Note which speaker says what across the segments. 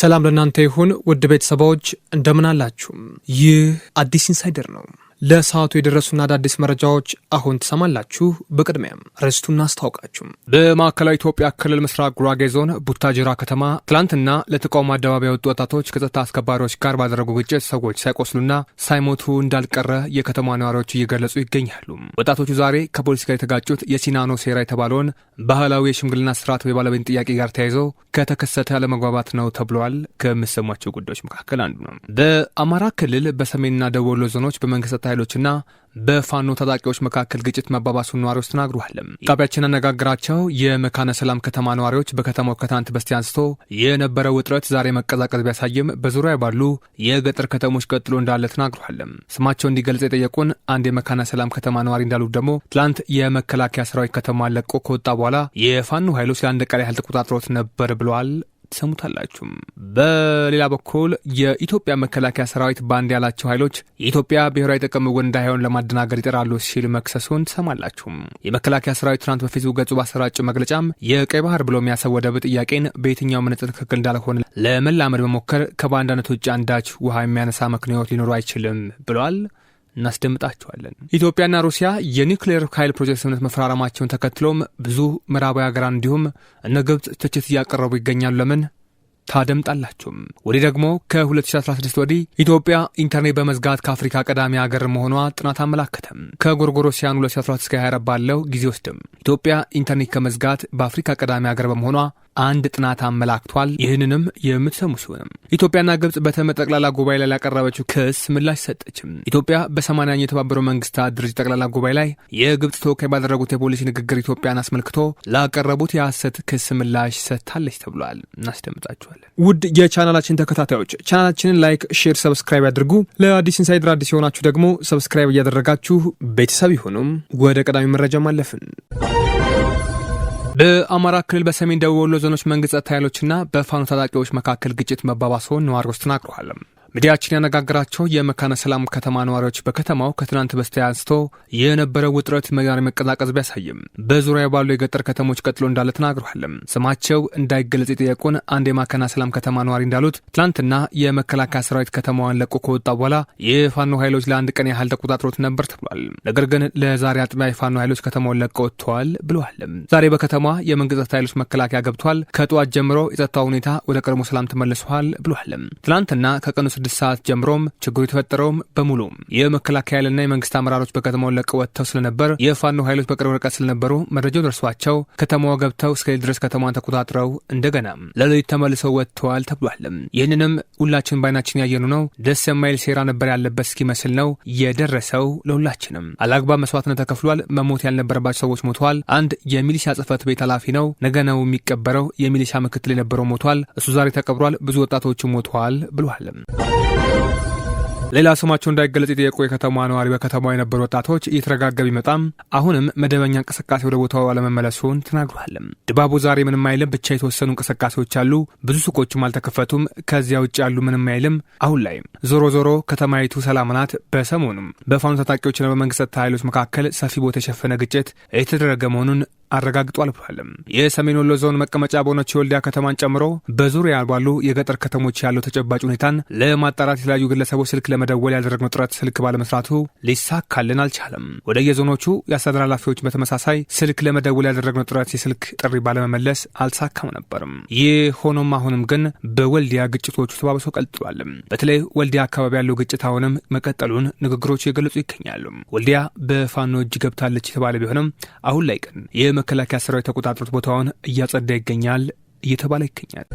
Speaker 1: ሰላም ለእናንተ ይሁን ውድ ቤተሰባዎች እንደምን አላችሁም? ይህ አዲስ ኢንሳይደር ነው። ለሰዓቱ የደረሱና አዳዲስ መረጃዎች አሁን ትሰማላችሁ። በቅድሚያም ርዕስቱን እናስታውቃችሁ። በማዕከላዊ ኢትዮጵያ ክልል ምስራቅ ጉራጌ ዞን ቡታጅራ ከተማ ትላንትና ለተቃውሞ አደባባይ የወጡ ወጣቶች ከጸጥታ አስከባሪዎች ጋር ባደረጉ ግጭት ሰዎች ሳይቆስሉና ሳይሞቱ እንዳልቀረ የከተማ ነዋሪዎች እየገለጹ ይገኛሉ። ወጣቶቹ ዛሬ ከፖሊስ ጋር የተጋጩት የሲናኖ ሴራ የተባለውን ባህላዊ የሽምግልና ስርዓት የባለቤትን ጥያቄ ጋር ተያይዞ ከተከሰተ አለመግባባት ነው ተብለዋል። ከምሰሟቸው ጉዳዮች መካከል አንዱ ነው። በአማራ ክልል በሰሜንና ደቡብ ወሎ ዞኖች በመንግስት ኃይሎችና በፋኖ ታጣቂዎች መካከል ግጭት መባባሱን ነዋሪዎች ተናግረዋል። ጣቢያችን ያነጋግራቸው የመካነ ሰላም ከተማ ነዋሪዎች በከተማው ከትናንት በስቲያ አንስቶ የነበረው ውጥረት ዛሬ መቀዛቀዝ ቢያሳይም በዙሪያ ባሉ የገጠር ከተሞች ቀጥሎ እንዳለ ተናግረዋል። ስማቸው እንዲገልጽ የጠየቁን አንድ የመካነ ሰላም ከተማ ነዋሪ እንዳሉት ደግሞ ትላንት የመከላከያ ሰራዊት ከተማ ለቆ ከወጣ በኋላ የፋኖ ኃይሎች ለአንድ ቀን ያህል ተቆጣጥሮት ነበር ብለዋል። ትሰሙታላችሁም። በሌላ በኩል የኢትዮጵያ መከላከያ ሰራዊት ባንድ ያላቸው ኃይሎች የኢትዮጵያ ብሔራዊ ጥቅም እውን እንዳይሆን ለማደናገር ይጠራሉ ሲል መክሰሱን ትሰማላችሁም። የመከላከያ ሰራዊት ትናንት በፌስቡክ ገጹ ባሰራጨው መግለጫም የቀይ ባህር ብሎ የሚያሰብ ወደብ ጥያቄን በየትኛው መነጽር ትክክል እንዳልሆነ ለመላመድ መሞከር ከባንዳነት ውጭ አንዳች ውሃ የሚያነሳ ምክንያት ሊኖሩ አይችልም ብለዋል። እናስደምጣችኋለን። ኢትዮጵያና ሩሲያ የኒውክሌር ኃይል ፕሮጀክት ስምምነት መፈራረማቸውን ተከትሎም ብዙ ምዕራባዊ ሀገራን እንዲሁም እነ ግብፅ ትችት እያቀረቡ ይገኛሉ። ለምን ታደምጣላችሁም። ወዲህ ደግሞ ከ2016 ወዲህ ኢትዮጵያ ኢንተርኔት በመዝጋት ከአፍሪካ ቀዳሚ ሀገር መሆኗ ጥናት አመላከተም። ከጎርጎሮሲያን 2014 እስከ 24 ባለው ጊዜ ውስጥም ኢትዮጵያ ኢንተርኔት ከመዝጋት በአፍሪካ ቀዳሚ ሀገር በመሆኗ አንድ ጥናት አመላክቷል። ይህንንም የምትሰሙ ሲሆንም ኢትዮጵያና ግብጽ በተመጠቅላላ ጉባኤ ላይ ላቀረበችው ክስ ምላሽ ሰጠችም። ኢትዮጵያ በሰማንያኛው የተባበሩ መንግስታት ድርጅት ጠቅላላ ጉባኤ ላይ የግብጽ ተወካይ ባደረጉት የፖሊሲ ንግግር ኢትዮጵያን አስመልክቶ ላቀረቡት የሐሰት ክስ ምላሽ ሰጥታለች ተብሏል። እናስደምጣችኋለን። ውድ የቻናላችን ተከታታዮች ቻናላችንን ላይክ፣ ሼር፣ ሰብስክራይብ ያድርጉ። ለአዲስ ኢንሳይድር አዲስ የሆናችሁ ደግሞ ሰብስክራይብ እያደረጋችሁ ቤተሰብ ይሁኑም። ወደ ቀዳሚ መረጃ ማለፍን በአማራ ክልል በሰሜን ደቡብ ወሎ ዞኖች መንግስት ጸጥታ ኃይሎችና በፋኖ ታጣቂዎች መካከል ግጭት መባባስ ሆን ነዋሪዎች ተናግረዋል። ሚዲያችን ያነጋገራቸው የመካነ ሰላም ከተማ ነዋሪዎች በከተማው ከትናንት በስቲያ አንስቶ የነበረው ውጥረት መጋር መቀዛቀዝ ቢያሳይም በዙሪያ ባሉ የገጠር ከተሞች ቀጥሎ እንዳለ ተናግረዋል። ስማቸው እንዳይገለጽ የጠየቁን አንድ የመካነ ሰላም ከተማ ነዋሪ እንዳሉት ትናንትና የመከላከያ ሰራዊት ከተማዋን ለቆ ከወጣ በኋላ የፋኖ ኃይሎች ለአንድ ቀን ያህል ተቆጣጥሮት ነበር ተብሏል። ነገር ግን ለዛሬ አጥቢያ የፋኖ ኃይሎች ከተማውን ለቀ ወጥተዋል ብለዋል። ዛሬ በከተማ የመንግስት ኃይሎች መከላከያ ገብቷል። ከጠዋት ጀምሮ የጸጥታ ሁኔታ ወደ ቀድሞ ሰላም ተመልሰዋል ብለዋል። ትናንትና ከቀኑ ከስድስት ሰዓት ጀምሮም ችግሩ የተፈጠረውም በሙሉ የመከላከያ ኃይልና የመንግስት አመራሮች በከተማውን ለቀው ወጥተው ስለነበር የፋኖ ኃይሎች በቅርብ ርቀት ስለነበሩ መረጃው ደርሷቸው ከተማዋ ገብተው እስከ ሌሊት ድረስ ከተማዋን ተቆጣጥረው እንደገና ለሌሊት ተመልሰው ወጥተዋል ተብሏል። ይህንንም ሁላችን ባይናችን ያየኑ ነው። ደስ የማይል ሴራ ነበር ያለበት እስኪመስል ነው የደረሰው ለሁላችንም። አላግባብ መስዋዕትነት ተከፍሏል። መሞት ያልነበረባቸው ሰዎች ሞተዋል። አንድ የሚሊሻ ጽህፈት ቤት ኃላፊ ነው ነገ ነው የሚቀበረው የሚሊሻ ምክትል የነበረው ሞቷል። እሱ ዛሬ ተቀብሯል። ብዙ ወጣቶች ሞተዋል ብሏል። ሌላ ስማቸው እንዳይገለጽ የጠየቁ የከተማ ነዋሪ በከተማ የነበሩ ወጣቶች እየተረጋጋ ቢመጣም አሁንም መደበኛ እንቅስቃሴ ወደ ቦታው አለመመለሱን ተናግሯል። ድባቡ ዛሬ ምንም አይልም፣ ብቻ የተወሰኑ እንቅስቃሴዎች አሉ፣ ብዙ ሱቆችም አልተከፈቱም፣ ከዚያ ውጭ ያሉ ምንም አይልም። አሁን ላይ ዞሮ ዞሮ ከተማይቱ ሰላም ናት። በሰሞኑም በፋኑ ታጣቂዎችና በመንግስት ኃይሎች መካከል ሰፊ ቦታ የሸፈነ ግጭት የተደረገ መሆኑን አረጋግጧል ብሏልም። የሰሜን ወሎ ዞን መቀመጫ በሆነች የወልዲያ ከተማን ጨምሮ በዙሪያ ባሉ የገጠር ከተሞች ያለው ተጨባጭ ሁኔታን ለማጣራት የተለያዩ ግለሰቦች ስልክ ለመደወል ያደረግነው ጥረት ስልክ ባለመስራቱ ሊሳካልን አልቻለም። ወደ የዞኖቹ የአስተዳደር ኃላፊዎች በተመሳሳይ ስልክ ለመደወል ያደረግነው ጥረት የስልክ ጥሪ ባለመመለስ አልተሳካም ነበርም። ይህ ሆኖም አሁንም ግን በወልዲያ ግጭቶቹ ተባብሶ ቀጥሏል። በተለይ ወልዲያ አካባቢ ያለው ግጭት አሁንም መቀጠሉን ንግግሮች የገለጹ ይገኛሉ። ወልዲያ በፋኖ እጅ ገብታለች የተባለ ቢሆንም አሁን ላይ ግን የመከላከያ ሰራዊት ተቆጣጥሮት ቦታውን እያጸዳ ይገኛል እየተባለ ይገኛል።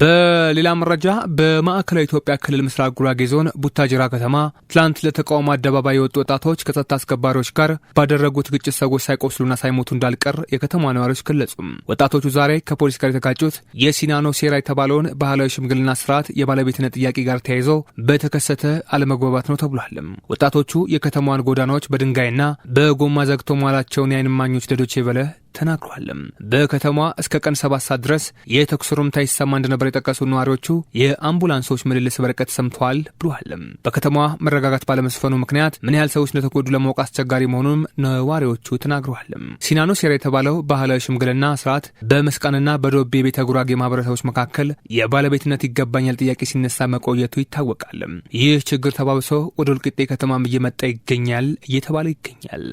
Speaker 1: በሌላ መረጃ በማዕከላዊ ኢትዮጵያ ክልል ምስራቅ ጉራጌ ዞን ቡታጅራ ከተማ ትላንት ለተቃውሞ አደባባይ የወጡ ወጣቶች ከጸጥታ አስከባሪዎች ጋር ባደረጉት ግጭት ሰዎች ሳይቆስሉና ሳይሞቱ እንዳልቀር የከተማ ነዋሪዎች ገለጹ። ወጣቶቹ ዛሬ ከፖሊስ ጋር የተጋጩት የሲናኖ ሴራ የተባለውን ባህላዊ ሽምግልና ስርዓት የባለቤትነት ጥያቄ ጋር ተያይዞ በተከሰተ አለመግባባት ነው ተብሏል። ወጣቶቹ የከተማዋን ጎዳናዎች በድንጋይና በጎማ ዘግቶ መዋላቸውን የአይንማኞች ለዶቼ ቬለ ተናግሯልም። በከተማዋ እስከ ቀን ሰባት ሰዓት ድረስ የተኩስ ሩምታ ይሰማ እንደነበር የጠቀሱ ነዋሪዎቹ የአምቡላንሶች ምልልስ በርቀት ሰምተዋል ብሏልም። በከተማዋ መረጋጋት ባለመስፈኑ ምክንያት ምን ያህል ሰዎች እንደተጎዱ ለማወቅ አስቸጋሪ መሆኑንም ነዋሪዎቹ ተናግረዋልም። ሲናኖ ሴራ የተባለው ባህላዊ ሽምግልና ስርዓት በመስቃንና በዶቤ ቤተ ጉራጌ ማህበረሰቦች መካከል የባለቤትነት ይገባኛል ጥያቄ ሲነሳ መቆየቱ ይታወቃል። ይህ ችግር ተባብሶ ወደ ወልቂጤ ከተማም እየመጣ ይገኛል እየተባለ ይገኛል።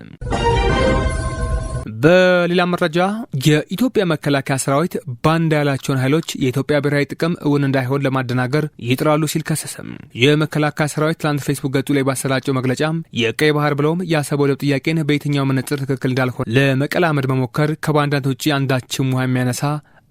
Speaker 1: በሌላ መረጃ የኢትዮጵያ መከላከያ ሰራዊት ባንዳ ያላቸውን ኃይሎች የኢትዮጵያ ብሔራዊ ጥቅም እውን እንዳይሆን ለማደናገር ይጥራሉ ሲል ከሰሰም። የመከላከያ ሰራዊት ትላንት ፌስቡክ ገጹ ላይ ባሰራጨው መግለጫ የቀይ ባህር ብለውም የአሰብ ወደብ ጥያቄን በየትኛው መነጽር ትክክል እንዳልሆነ ለመቀላመድ መሞከር ከባንዳነት ውጭ አንዳችም ውሃ የሚያነሳ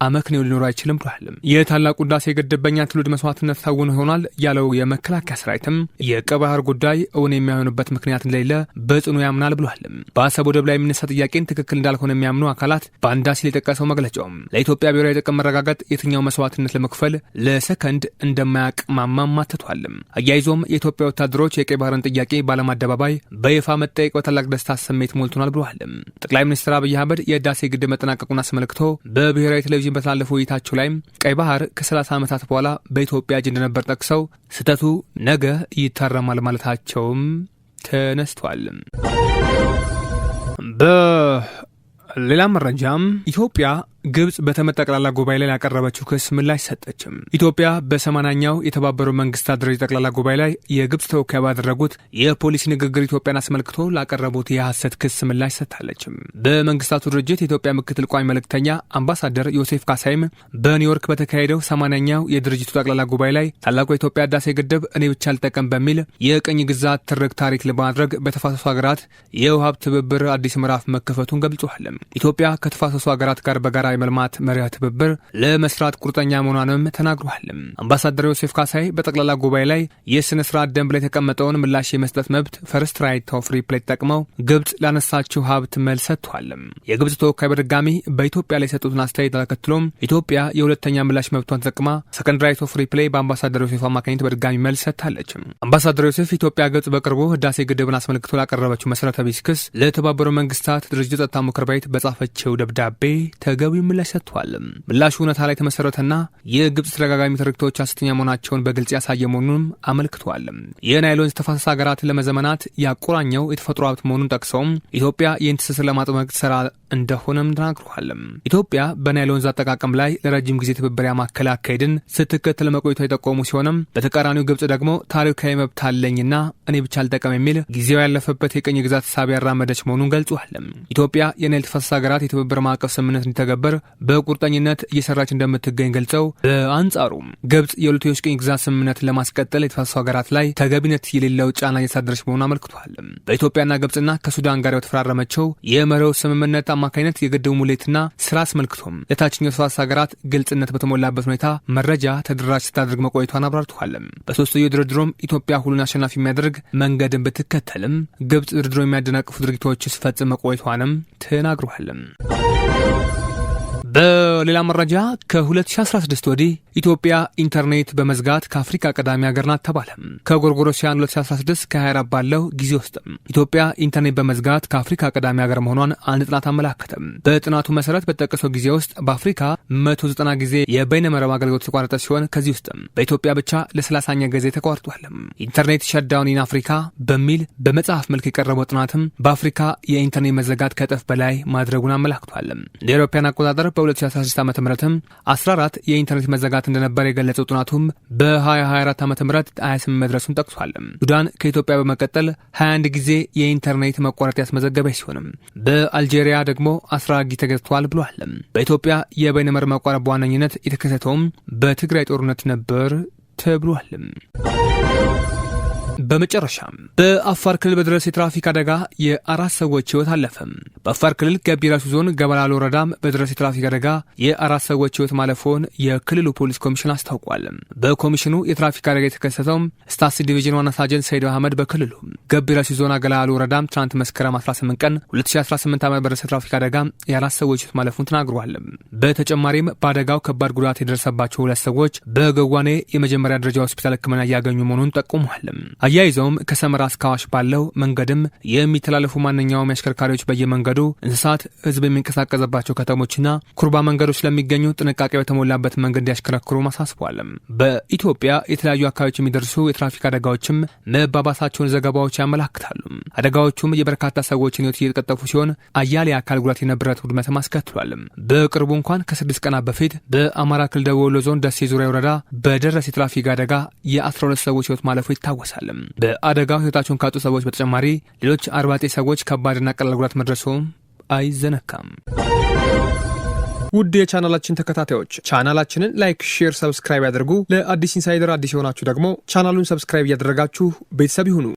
Speaker 1: አመክንዮ ሊኖር አይችልም ብሏል። የታላቁ ህዳሴ ግድብ በእኛ ትውልድ መስዋዕትነት ታውኖ ይሆናል ያለው የመከላከያ ሰራዊትም የቀይ ባህር ጉዳይ እውን የሚሆንበት ምክንያት እንደሌለ በጽኑ ያምናል ብሏል። በአሰብ ወደብ ላይ የሚነሳ ጥያቄን ትክክል እንዳልሆነ የሚያምኑ አካላት በአንዳ ሲል የጠቀሰው መግለጫውም ለኢትዮጵያ ብሔራዊ ጥቅም መረጋገጥ የትኛው መስዋዕትነት ለመክፈል ለሰከንድ እንደማያቅማማ ማተቷል። አያይዞም የኢትዮጵያ ወታደሮች የቀይ ባህርን ጥያቄ በዓለም አደባባይ በይፋ መጠየቅ በታላቅ ደስታ ስሜት ሞልቶናል ብሏል። ጠቅላይ ሚኒስትር አብይ አህመድ የህዳሴ ግድብ መጠናቀቁን አስመልክቶ በብሔራዊ ቴሌቪዥን ቴሌቪዥን በተላለፈ ውይይታቸው ላይም ቀይ ባህር ከ30 ዓመታት በኋላ በኢትዮጵያ እጅ እንደነበር ጠቅሰው ስህተቱ ነገ ይታረማል ማለታቸውም ተነስቷል። በሌላ መረጃም ኢትዮጵያ ግብጽ በተመጠቅላላ ጉባኤ ላይ ላቀረበችው ክስ ምላሽ ሰጠችም። ኢትዮጵያ በሰማናኛው የተባበሩ መንግስታት ድርጅት ጠቅላላ ጉባኤ ላይ የግብጽ ተወካይ ባደረጉት የፖሊሲ ንግግር ኢትዮጵያን አስመልክቶ ላቀረቡት የሐሰት ክስ ምላሽ ሰጥታለችም። በመንግስታቱ ድርጅት የኢትዮጵያ ምክትል ቋሚ መልእክተኛ አምባሳደር ዮሴፍ ካሳይም በኒውዮርክ በተካሄደው ሰማናኛው የድርጅቱ ጠቅላላ ጉባኤ ላይ ታላቁ የኢትዮጵያ ህዳሴ ግድብ እኔ ብቻ አልጠቀም በሚል የቅኝ ግዛት ትርክ ታሪክ ለማድረግ በተፋሰሱ ሀገራት የውሃብ ትብብር አዲስ ምዕራፍ መከፈቱን ገልጿል። ኢትዮጵያ ከተፋሰሱ ሀገራት ጋር በጋራ ማህበራዊ መልማት መሪያ ትብብር ለመስራት ቁርጠኛ መሆኗንም ተናግሯል። አምባሳደር ዮሴፍ ካሳይ በጠቅላላ ጉባኤ ላይ የስነ ስርዓት ደንብ ላይ የተቀመጠውን ምላሽ የመስጠት መብት ፈርስት ራይት ኦፍ ሪፕላይ ተጠቅመው ግብፅ ላነሳችው ሀብት መልስ ሰጥቷል። የግብፅ ተወካይ በድጋሚ በኢትዮጵያ ላይ የሰጡትን አስተያየት ተከትሎም ኢትዮጵያ የሁለተኛ ምላሽ መብቷን ተጠቅማ ሰከንድ ራይት ኦፍ ሪፕላይ በአምባሳደር ዮሴፍ አማካኝነት በድጋሚ መልስ ሰጥታለች። አምባሳደር ዮሴፍ ኢትዮጵያ ግብፅ በቅርቡ ህዳሴ ግድብን አስመልክቶ ላቀረበችው መሠረተ ቢስ ክስ ለተባበሩ መንግስታት ድርጅት ጸጥታ ምክር ቤት በጻፈችው ደብዳቤ ተገቢ ምላሽ ሰጥቷል። ምላሹ እውነታ ላይ የተመሰረተና የግብፅ ተደጋጋሚ ትርክቶች ሐሰተኛ መሆናቸውን በግልጽ ያሳየ መሆኑንም አመልክቷል። የናይል ወንዝ ተፋሰስ ለመዘመናት ያቆራኘው የተፈጥሮ ሀብት መሆኑን ጠቅሰውም ኢትዮጵያ ይህን ትስስር ለማጥመቅ ስራ እንደሆነም ተናግረዋል። ኢትዮጵያ በናይል ወንዝ አጠቃቀም ላይ ለረጅም ጊዜ ትብብር ያማከለ አካሄድን ስትከተል መቆየቷ የጠቆሙ ሲሆንም በተቃራኒው ግብፅ ደግሞ ታሪካዊ መብት አለኝና እኔ ብቻ አልጠቀም የሚል ጊዜው ያለፈበት የቅኝ ግዛት ሳቢ ያራመደች መሆኑን ገልጿል። ኢትዮጵያ የናይል ተፋሰስ ሀገራት የትብብር ማዕቀፍ ስምምነት እንዲተገበር ለማስከበር በቁርጠኝነት እየሰራች እንደምትገኝ ገልጸው፣ በአንጻሩም ግብጽ የሁለትዮሽ ቅኝ ግዛት ስምምነት ለማስቀጠል የተፋሰሱ ሀገራት ላይ ተገቢነት የሌለው ጫና እያሳደረች መሆኑን አመልክቷል። በኢትዮጵያና ግብጽና ከሱዳን ጋር በተፈራረመችው የመሪዎች ስምምነት አማካኝነት የግድቡ ሙሌትና ስራ አስመልክቶም ለታችኛው ተፋሰስ ሀገራት ግልጽነት በተሞላበት ሁኔታ መረጃ ተደራሽ ስታደርግ መቆየቷን አብራርተዋልም። በሶስትዮ ድርድሮም ኢትዮጵያ ሁሉን አሸናፊ የሚያደርግ መንገድን ብትከተልም ግብጽ ድርድሮ የሚያደናቅፉ ድርጊቶች ስፈጽም መቆየቷንም ተናግሯልም። በሌላ መረጃ ከ2016 ወዲህ ኢትዮጵያ ኢንተርኔት በመዝጋት ከአፍሪካ ቀዳሚ ሀገር ናት ተባለ። ከጎርጎሮሲያን 2016 ከ24 ባለው ጊዜ ውስጥ ኢትዮጵያ ኢንተርኔት በመዝጋት ከአፍሪካ ቀዳሚ ሀገር መሆኗን አንድ ጥናት አመላከተ። በጥናቱ መሰረት በተጠቀሰው ጊዜ ውስጥ በአፍሪካ 190 ጊዜ የበይነመረብ አገልግሎት የተቋረጠ ሲሆን ከዚህ ውስጥ በኢትዮጵያ ብቻ ለ30ኛ ጊዜ ተቋርጧል። ኢንተርኔት ሸዳውን ኢን አፍሪካ በሚል በመጽሐፍ መልክ የቀረበው ጥናትም በአፍሪካ የኢንተርኔት መዘጋት ከእጥፍ በላይ ማድረጉን አመላክቷል። እንደ አውሮፓውያን አቆጣጠር በ2016 ዓ ም 14 የኢንተርኔት መዘጋት ወራት እንደነበር የገለጸው ጥናቱም በ2024 ዓ ም 28 መድረሱን ጠቅሷል። ሱዳን ከኢትዮጵያ በመቀጠል 21 ጊዜ የኢንተርኔት መቋረጥ ያስመዘገበች ሲሆንም በአልጄሪያ ደግሞ 14 ጊዜ ተገዝተዋል ብሏል። በኢትዮጵያ የበይነመር መቋረጥ በዋነኝነት የተከሰተውም በትግራይ ጦርነት ነበር ተብሏል። በመጨረሻም በአፋር ክልል በደረሰ የትራፊክ አደጋ የአራት ሰዎች ህይወት አለፈ። በአፋር ክልል ገቢራሱ ዞን ገበላሎ ወረዳም በደረሰ የትራፊክ አደጋ የአራት ሰዎች ህይወት ማለፎን የክልሉ ፖሊስ ኮሚሽን አስታውቋል። በኮሚሽኑ የትራፊክ አደጋ የተከሰተው ስታሲ ዲቪዥን ዋና ሳጀንት ሰይዶ አህመድ በክልሉ ገቢራሱ ዞን አገላሎ ወረዳም ትናንት መስከረም 18 ቀን 2018 ዓመት በደረሰ የትራፊክ አደጋ የአራት ሰዎች ህይወት ማለፉን ተናግሯል። በተጨማሪም በአደጋው ከባድ ጉዳት የደረሰባቸው ሁለት ሰዎች በገዋኔ የመጀመሪያ ደረጃ ሆስፒታል ህክምና እያገኙ መሆኑን ጠቁሟል። አያይዘውም ከሰመራ እስከ አዋሽ ባለው መንገድም የሚተላለፉ ማንኛውም አሽከርካሪዎች በየመንገዱ እንስሳት፣ ህዝብ የሚንቀሳቀስባቸው ከተሞችና ኩርባ መንገዶች ለሚገኙ ጥንቃቄ በተሞላበት መንገድ እንዲያሽከረክሩ ማሳስቧል። በኢትዮጵያ የተለያዩ አካባቢዎች የሚደርሱ የትራፊክ አደጋዎችም መባባሳቸውን ዘገባዎች ያመላክታሉ። አደጋዎቹም የበርካታ ሰዎችን ህይወት እየተቀጠፉ ሲሆን አያሌ የአካል ጉዳት፣ የንብረት ውድመትም አስከትሏል። በቅርቡ እንኳን ከስድስት ቀናት በፊት በአማራ ክልል ደቡብ ወሎ ዞን ደሴ ዙሪያ ወረዳ በደረሰ የትራፊክ አደጋ የ12 ሰዎች ህይወት ማለፉ ይታወሳል። በአደጋው ህይወታቸውን ካጡ ሰዎች በተጨማሪ ሌሎች 49 ሰዎች ከባድና ቀላል ጉዳት መድረሱም አይዘነካም። ውድ የቻናላችን ተከታታዮች ቻናላችንን ላይክ፣ ሼር፣ ሰብስክራይብ ያደርጉ። ለአዲስ ኢንሳይደር አዲስ የሆናችሁ ደግሞ ቻናሉን ሰብስክራይብ እያደረጋችሁ ቤተሰብ ይሁኑ።